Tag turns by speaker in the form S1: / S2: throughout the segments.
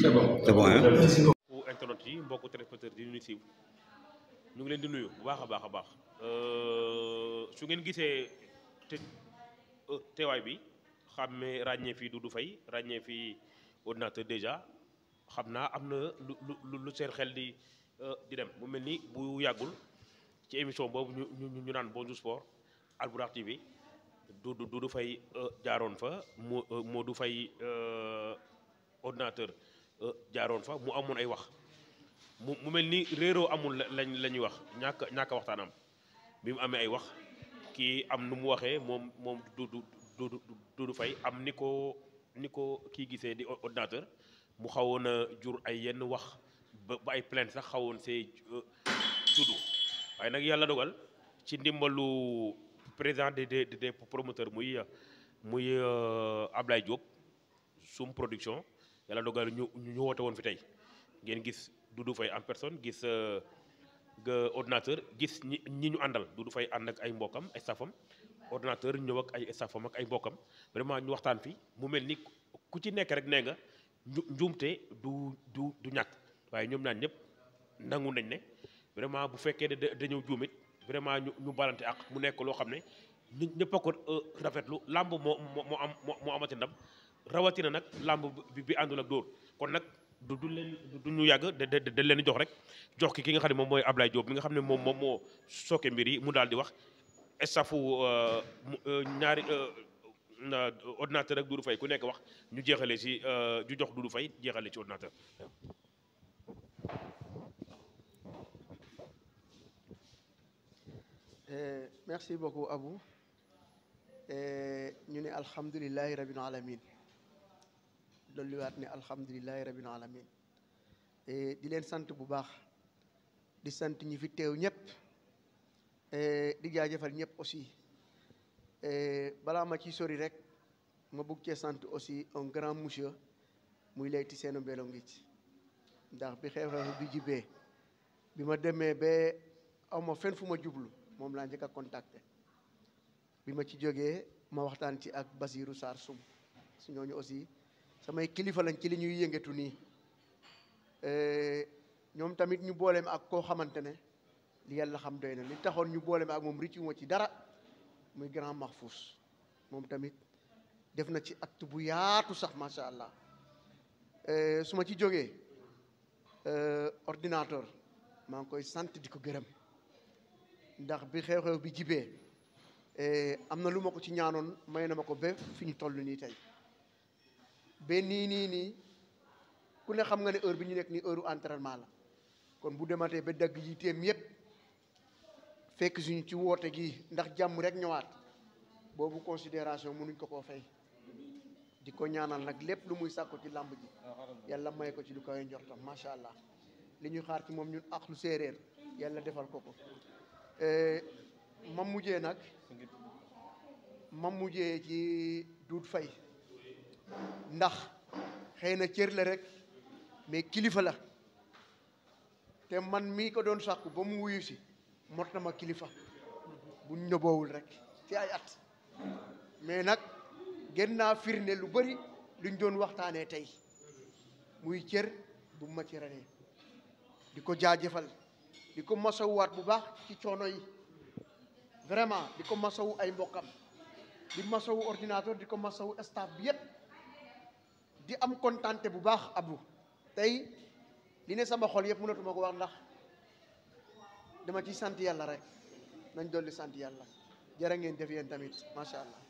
S1: Se bom. t e bom, é? mbokku téléspectateurs di ñu siiw ñu ngi leen di nuyu bu baax a baax a baax euh, su ngeen gisee te euh, teewaay bi xàmmee ràññee fii du Faye ràññee fii ordinateur déjà xam naa am na lu lu seen xel di euh, di dem mu mel ni bu yàggul ci émission boobu ñu ñu naan Bonjour Sport Albourakh bi Doudou Doudou Faye jaaroon fa Modou Faye ordinateur jaaroon fa mu amoon ay wax mu mel ni réeroo amul lañ la ñuy wax ñàkk ñàkk waxtaan am bi mu amee ay wax kii am nu mu waxee moom moom du du du du du fay am ni ko ni ko kii gisee di ordinateur mu xawoon a jur ay yenn wax ba ay plainte sax xawoon see euh, juddu waaye nag yàlla dogal ci ndimbalu président des des promoteurs muy muy euh, Ablaye Diop sum production yàlla dogal ñu ñu woote woon fi tey ngeen gis. du Doudou Faye en personne gis euh, ordinateur gis ñi ñi ñu àndal du fay ànd ak ay mbokkam ay staffam ordinateur ñëw ak ay staffam ak ay mbokkam vraiment ñu waxtaan fi mu mel ni ku ci nekk rek nee nga njuumte du du du ñàkk waaye ñoom naan ñëpp nangu nañ ne vraiment bu fekkee da dañoo juumit vraiment ñu ñu balante ak mu nekk loo xam ne nit ñëpp ko euh, rafetlu làmb moo moo am moo amati ndam rawatina nag làmb bi bi dóor kon nag. du du leen du ñu yàgg da da leen jox rek jox ki ki nga xam ne moom mooy Ablaye Diop mi nga xam ne moom moom moo sooke mbir yi mu daal di wax estafu euh, euh, ñaari euh, ordinateur ak Doudou Faye ku nekk wax ñu jeexale si ñu jox Doudou Faye jeexale ci ordinateur.
S2: Eh, merci beaucoup Abou eh, ñu ne alhamdulilahi rabbil alamin dolliwaat ne alhamdulilahi rabbil alamin eh, di leen sant bu baax di sant ñi fi teew ñëpp eh, di jaajeufal ñep aussi eh, bala ma ci sori rek ma bugg ci sant aussi un grand monsieur muy lay ti seenu belo ngi ci ndax bi xew-xew bi jibee bi ma demee ba amo fen fenn fu ma jublu moom laa njëkk contacté bi ma ci joggé ma waxtaan ci ak basirou sar sum suñu ñu aussi samay kilifa lañ ci li ñuy yëngatu nii eh, ñoom tamit ñu booleem ak koo xamante ne li yàlla xam doy na li taxoon ñu booleem ak moom ricuma ci dara muy grand Mahfous moom tamit def na ci acte bu yaatu sax macha allah eh, su ma ci jógee eh, ordinateur maa ngi koy sant di ko gërëm ndax bi xew-xew bi jibee am na lu ma ko ci ñaanoon may na ma ko ba fi ñu toll nii tey ba ni ni nii ku ne xam nga ne heure bi ñu nek ni heure entraînement la kon bu be dag yi tém yépp fekk suñu ci wote gi ndax jamm rek ñëwaat bobu considération mënuñ ko ko fay di ñaanal nak lepp lu muy sakku ci lamb ji yalla may ko ci lu koy njortam tam allah li ñuy xaar ci mom ñun ak lu séeréer defal ko ko eh, nak ci fay ndax xëy na cër la rek mais kilifa la te man mii ko doon sàkku ba mu wuyu si mot na ma kilifa bu ñoboowul rek ci ay at mais nag gën naa firnde lu bari luñ doon waxtaanee tey muy cër bu ma cëralee di ko jaajëfal di ko masawaat bu baax ci coono yi vraiment di ko masawu ay mbokkam di masawu ordinateur di ko masawu staff bi yëpp di am kontante bu baax abou tay li ne sama xol yëpp munatu mako wax ndax dama ci sante yalla rek nañ doli sante yalla jere ngeen def yeen tamit sha allah.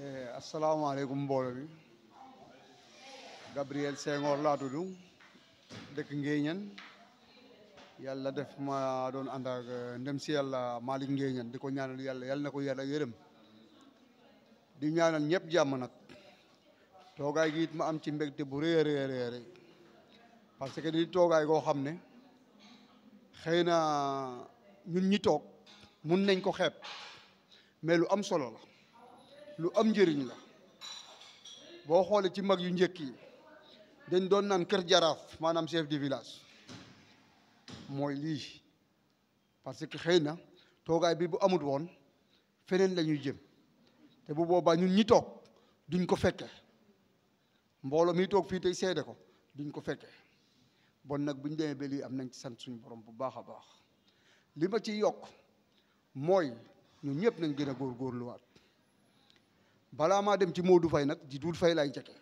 S3: Eh, Assalamualaikum bolo bi Gabriel Senghor laa tudu dekk ngeñan yalla def ma don andak eh, ndem ci yalla malik ngeñan diko ñaanal yalla yalla nako yalla di ñaanal ñëpp jàmm nag toogaay gi it ma am ci mbégte bu rëy a rëy parce que di toogaay goo xam ne xëy na ñun ñi toog mun nañ ko xeeb mais lu am solo la lu am njëriñ la boo xoolee ci mag yu njëkk yi dañ doon naan kër jaraaf maanaam chef de village mooy lii parce que xëy na toogaay bi bu amut woon feneen lañuy jëm te bu boba ñun ñi tok duñ ko fekke mbolo mi tok fi tay sédé ko duñ ko fekke bon nak buñ ñu beli am nañ ci sant suñu borom bu baaxa baax lima ci yok moy ñun ñëpp nañ gor lu wat bala ma dem ci Modou fay nak di dul fay lay njëkke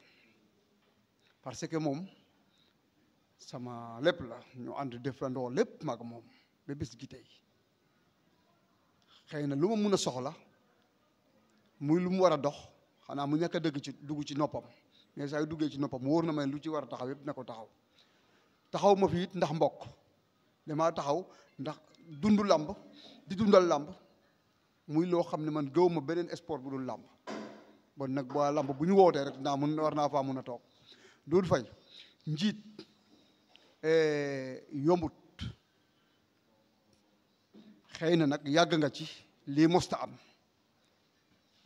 S3: parce que mom sama lepp la ñu and defando lepp maag mom be bes gi tay xeyna luma mëna soxla muy lu mu war a dox xanaa mu nekk dëgg ci dugg ci noppam mais saa yu duggee ci noppam wóor na ma lu ci war a taxaw yëpp na ko taxaw taxaw ma fi it ndax mbokk damaa taxaw ndax dund làmb di dundal làmb muy loo xam ne man gëw ma beneen sport bu dul làmb bon nag waa làmb bu ñu wootee rek naa mun war naa faa mun a toog Doudou fay njiit eh, yombut xëy na nag yàgg nga ci lii mosta am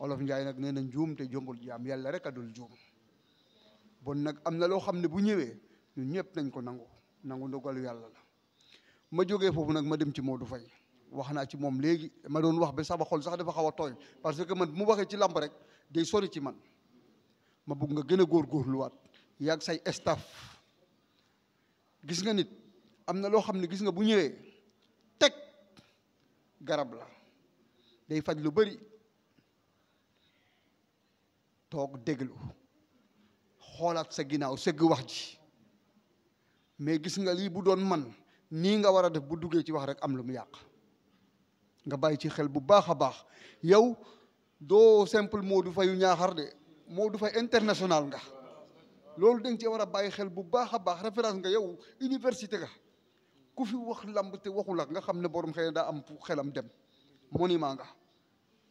S3: olof njaay nak neena njum te jombul jam yalla rek adul dul bon nak amna lo xamne ne bu ñewé ñun ñepp nañ ko nangu nangu ndogal yalla la ma joggé fofu nak ma dem ci Modou fay waxna ci mom léegi ma doon wax be sama xol sax dafa xawa toy parce que man mu waxé ci lamb rek day sori ci man ma bëgg nga gor lu wat yak say staff gis nga nit amna lo xamne ne gis nga bu ñewé tek garab la day faj lu bari tok deglu holat sa ginaaw seug wax ji mais gis nga li bu doon man ni nga wara def bu duggé ci wax rek am lu mu yaq nga bay ci xel bu baax baax yow do simple Modou Faye ñaaxar de Modou fay international nga lolou da ci wara bay xel bu baax baax référence nga yow université ga ku fi wax lamb te waxul ak nga xamne borom xeyna da am xelam dem monument nga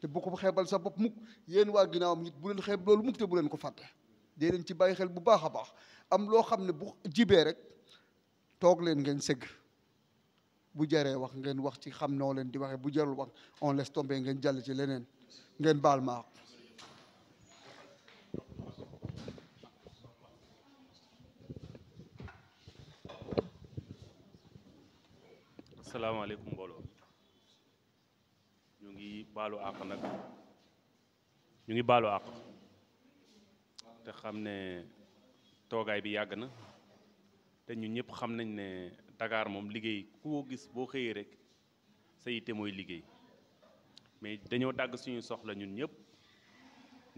S3: te bu ko xeebal sa bopp mukk yéen waa ginnaawam it bu leen xeeb loolu mukk te bu leen ko fàtte dee leen ci bàyyi xel bu baax a baax am loo xam bu jibee rek toog leen ngeen sëgg bu jaree wax ngeen wax ci xam noo leen di waxee bu jarul wax on laisse tomber ngeen jàll ci leneen ngeen baal ma
S4: asalaamaaleykum mbooloo ngi baalu àq nag ñu ngi baalu àq te xam ne toogaay bi yàgg na te ñun ñëpp xam nañ ne dagaar moom liggéey koo gis boo xëyee rek sa yitte mooy liggéey mais dañoo dàgg suñu soxla ñun ñëpp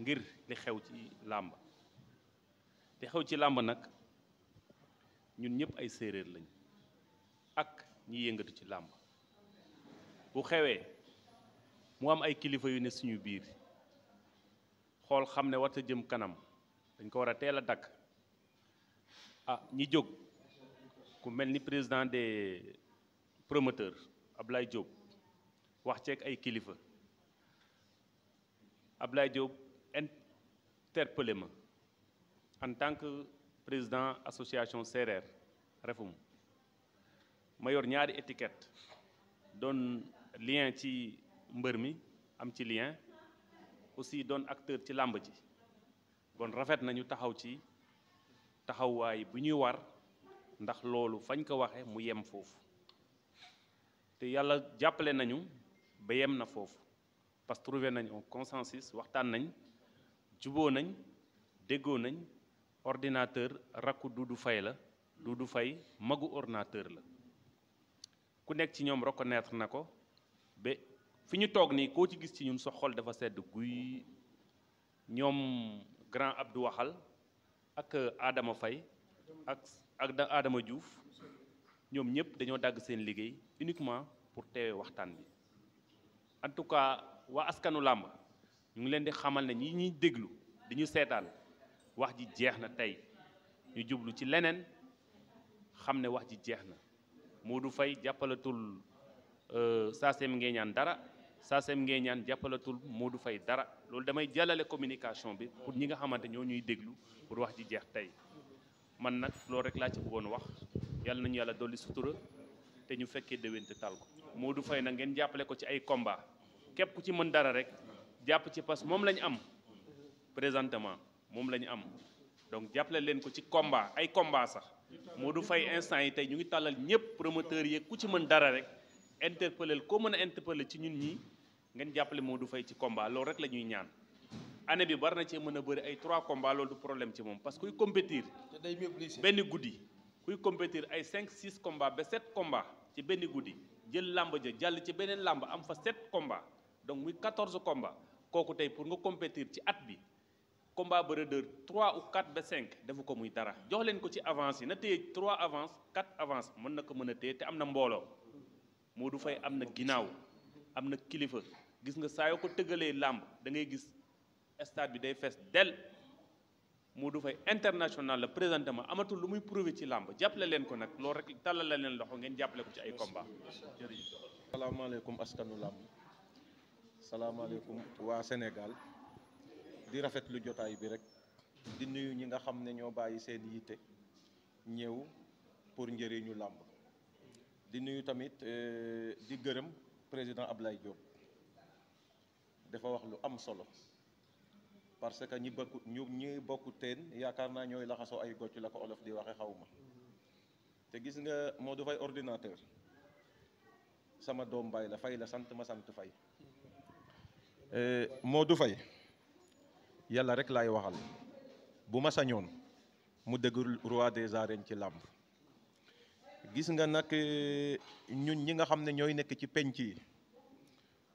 S4: ngir li xew ci làmb li xew ci làmb nag ñun ñëpp ay séeréer lañ ak ñi yëngatu ci làmb bu xewee mu am ay kilifa yu ne suñu biir xool xam ne warta jëm kanam dañ ko war a teel a dakk ah ñi jóg ku mel ni président des promoteurs Ablaye Diop wax ceeg ay kilifa Ablaye Diop interpellé ma en tant que président association CRR Refum ma yor ñaari étiquette doon lien ci mbër mi am ci lien aussi doon acteur ci làmb ji kon rafet nañu taxaw ci taxawaay bu ñuy war ndax loolu fañ ko waxe mu yem foofu te yàlla jàppale nañu ba yem na foofu parce que trouvé nañu consensus waxtaan nañ juboo nañ déggoo nañ ordinateur rakku Doudou fay la Doudou fay magu ordinateur la ku nekk ci ñoom reconnaître na ko ba fi ñu toog nii koo ci gis ci ñun sa xol dafa sedd guy ñoom grand Abdou Waxal ak aadama euh, fay ak ak aadama Diouf ñoom ñëpp dañoo dàgg seen liggéey uniquement pour teewee waxtaan bi en tout cas waa askanu làmb ñu ngi leen di xamal na ñi ñuy déglu di ñu seetaan wax ji jeex na tey ñu jublu ci leneen xam ne wax ji jeex na du fay jàppalatul euh, saa seem ngeen ñaan dara SACEM ngeen ñaan jàppalatul moo du fay dara loolu damay jàllale communication bi pour ñi nga xamante ñoo ñuy déglu pour wax ji jeex tey man nag loolu rek laa ci bëggoon wax yàlla nañu yàlla dolli sutura te ñu fekkee déwén te ko moo du fay nag ngeen jàppale ko ci ay combat képp ku ci mën dara rek jàpp ci parce que moom lañu am présentement moom la ñu am donc jàppale leen ko ci combat ay combat sax moo du fay instant yi tey ñu ngi tàllal ñëpp promoteurs yi ku ci mën dara rek interpellel koo mën a interpeller ci ñun ñii ngeen jàppale moo du Faye ci combat loolu rek la ñuy ñaan année bi bari na cee mën a bëri ay trois combats loolu du problème ci moom parce que kuy compétir. te benn guddi. kuy compétir ay cinq six combats ba sept combats ci benn guddi jël làmb ja jàll ci beneen làmb am fa sept combats donc muy quatorze combats kooku tey pour nga competir ci at bi combat bëre de trois ou quatre ba cinq defu ko muy dara jox leen ko ci avance yi na téye trois avance quatre avance mën na ko mën a téye te na mbooloo Modou Faye am na ginnaaw am na kilifa. gis nga saa yoo ko tëggalee làmb da ngay gis stade bi day fees del moo du Faye international la présentement amatul lu muy prouvé ci làmb jàppale leen ko nag loolu rek tàllal la leen loxo ngeen jàppale ko ci ay combat
S5: jërëjëf salaamaaleykum askanu làmb salaamaaleykum waa Sénégal di rafet lu jotaay bi rek di nuyu ñi nga xam ne ñoo bàyyi seen yitte ñëw pour njëriñu làmb di nuyu tamit euh, di gërëm président Ablaye Diop dafa wax lu am solo parce que ñi bëkku ñu teen yaakaar naa ñooy laxasoo ay gocc la ko olof di waxe xaw ma te gis nga moo du fay ordinateur sama doom baay la fay la sant ma sant fay eh, moo du fay yàlla rek laay waxal bu ma sañoon mu dëgg roi des arènes ci làmp gis nga nag eh, ñun ñi nga xam ne ñooy nekk ci penc yi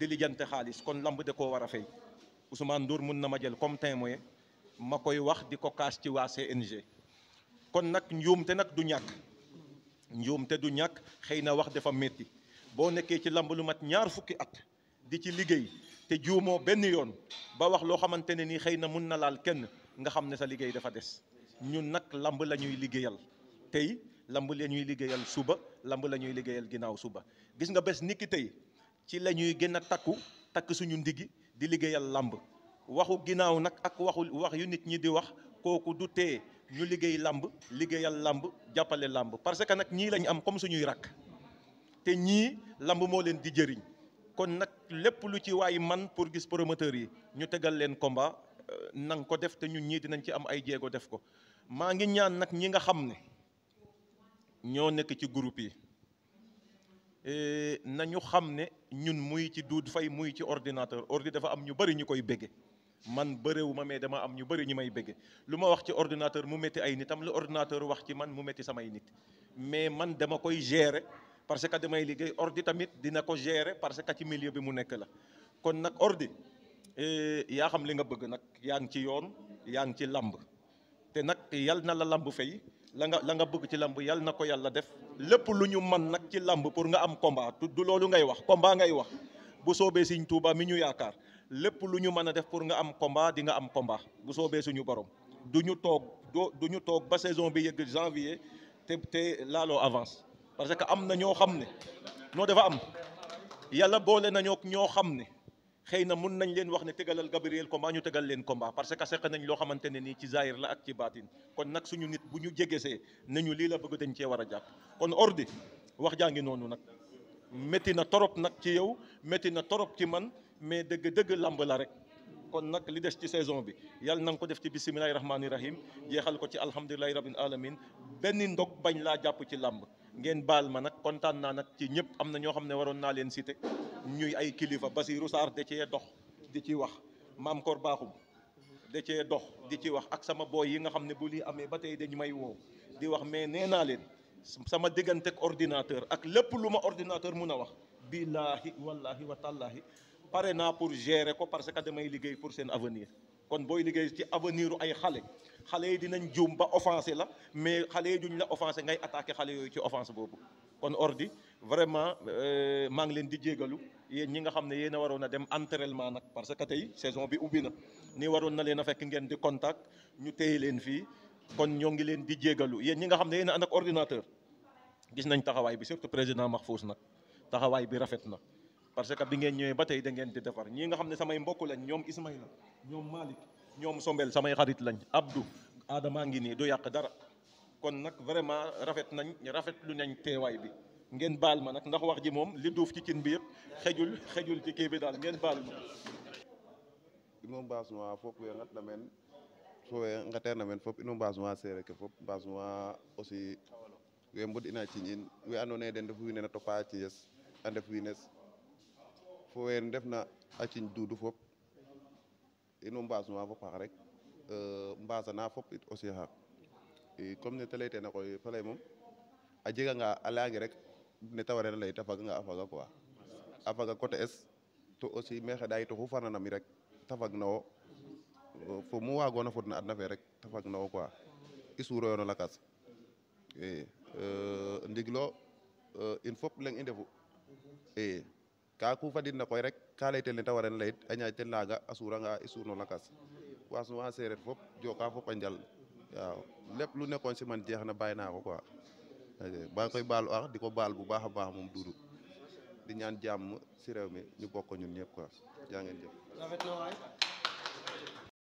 S5: di lijjante kon lamb de ko wara fay Ousmane dour mën na ma jël comme témoin makoy wax di kaas ci wa CNG kon nag njuumte nak du ñàkk njuumte du ñak xeyna wax dafa métti bo nekké ci lamb lu mat ñaar fukki at di ci liggéey te juumoo ben yoon ba wax lo xamante ni xeyna mën na laal kenn nga xamné sa liggéey dafa dess ñun nak lamb lañuy liggéeyal lamb lañuy liggéeyal suba lamb lañuy ñuy liggéeyal suba gis nga bés niki tay ci la ñuy gën a takku takk suñu ndiggi di liggéeyal làmb waxu ginnaaw nag ak waxu wax yu nit ñi di wax kooku du tee ñu liggéey làmb liggéeyal làmb jàppale làmb parce que nag ñii lañ am comme suñuy rakk te ñii làmb moo leen di jëriñ kon nag lépp lu ci waay man pour gis promoteur yi ñu tegal leen combat euh, nang ko def te ñu ñii dinañ ci am ay jéego def ko maa ngi ñaan nag ñi nga xam ne ñoo nekk ci groupe yi Euh, nañu xam ne ñun muy ci duud fey muy ci ordinateur ordi dafa am ñu bëri ñu koy bége man bëréewu ma dama am ñu bëri ñu may bége lu ma wax ci ordinateur mu métti ay nitam lu ordinateur wax ci man mu métti samay nit mais man dama koy gérer parce que damay liggéey ordi tamit dina ko gérer parce que ci milieu bi mu nekk la kon nag ordi euh, yaa xam li nga bëgg nag yaa ngi ci yoon yaa ngi ci làmb te nag yal na la lamb fay la nga bëgg ci yalla na yalla def lepp luñu man ci lamb pour nga am combat du lolu ngay wax combat ngay wax bu soobee Sëriñ touba mi ñu def pour nga am combat di nga am combat bu soobee suñu borom duñu tok duñu tok ba saison bi yëgg janvier te te lalo avance parce que am na ñoo dafa am Yalla bolé na ñoo xamné xeyna mën nañ leen wax ne tegalal Gabriel combat ñu tegal leen combat parce que seq nañ loo xamante ne nii ci zahir la ak ci batin kon nag suñu nit bu ñu jegesee nañu lii la bëgg dañ cee war a jàpp kon ordi wax jaa ngi noonu nag métti na torop nag ci yow métti na torop ci man mais dëgg-dëgg làmb la rek kon nag li des ci saison bi yàlla na ko def ci bisimilahi rahmaani rahim jeexal ko ci alhamdulilahi rabbil alamin benn ndog bañ laa jàpp ci làmb ngeen baal ma nag kontaan naa nag ci ñëpp am na ñoo xam ne waroon naa leen cité ñuy ay kilifa Basirou saar da cee dox di ci wax maam Kor Baaxum da cee dox di ci wax ak sama booy yi nga xam ne bu lii amee ba tey dañu may woo di wax mais nee naa leen sama diggante ak ordinateur ak lépp lu ma ordinateur mun a wax billaahi wallaahi wa tallaahi pare naa pour gérer ko parce que damay liggéey pour seen avenir kon boy liggéey ci avenir ay xalé xalé yi dinañ juum ba offensé la mais xalé yi duñ la offensé ngay attaquer xalé yooyu ci offense bobu kon ordi vraiment euh, maa ngi len di djegalu yeen ñi nga xamne ne yéen a waroon dem entraînement nak parce que tay saison bi ubbi na ni waroon na leena fekk ngeen di contact ñu téye leen fii kon ñoo ngi leen di djegalu yeen ñi nga xamne ne yéen ak ordinateur gis nañ taxaway bi surtout président Mahfouz nak taxaway bi rafet na parce que bi ngeen ñëwee ba tey da ngeen di defar ñii nga xam samay mbokk lañ ñoom Ismaïla ñoom malik ñoom Sombel samay xarit lañ Abdou Adama ngi nii du yàq dara kon nak vraiment rafet nañ rafetlu nañ teewaay bi ngeen baal ma nag ndax wax ji moom li duuf ci cin
S6: bi yëpp xejul xejul ci kii bi daal ngeen baal ma ino mbasnuwa fop we ngatna meen so we ngateerna meen fop ino mbasnuwa seereer ke fop aussi den ndef wiin we na topaa ci'es fo we ndefna a ciiñ duudu fop in way fop xaq rek euh, mbaasana fop it aussi xaq i comme ne ta lay teena koy fa lay moom a jeganga a layange rek ne ta wareena lay ta faganga a faga quoi a faga côté es to aussi me xeɗa yit oxu farna nam rek ta fagna wo euh, fo mu waagoona fod na adna fe rek ta fagna wo quoi i suuroyo no lakas i euh, ndigil o in fop leŋ i ndefu i ka ku fadidna koy rek ka laytel ne ta wareena layit a ñaƴtel naaga a suuranga i suur no lakas waasnuwa seereer fop joka fop a njal waaw lépp lu nekkoon si man jeex na bàyyi naa ko quoi ba koy baalu ax di ko baal bu baax a baax moom duudu di ñaan jàmm si réew mi ñu bokk ñun ñëpp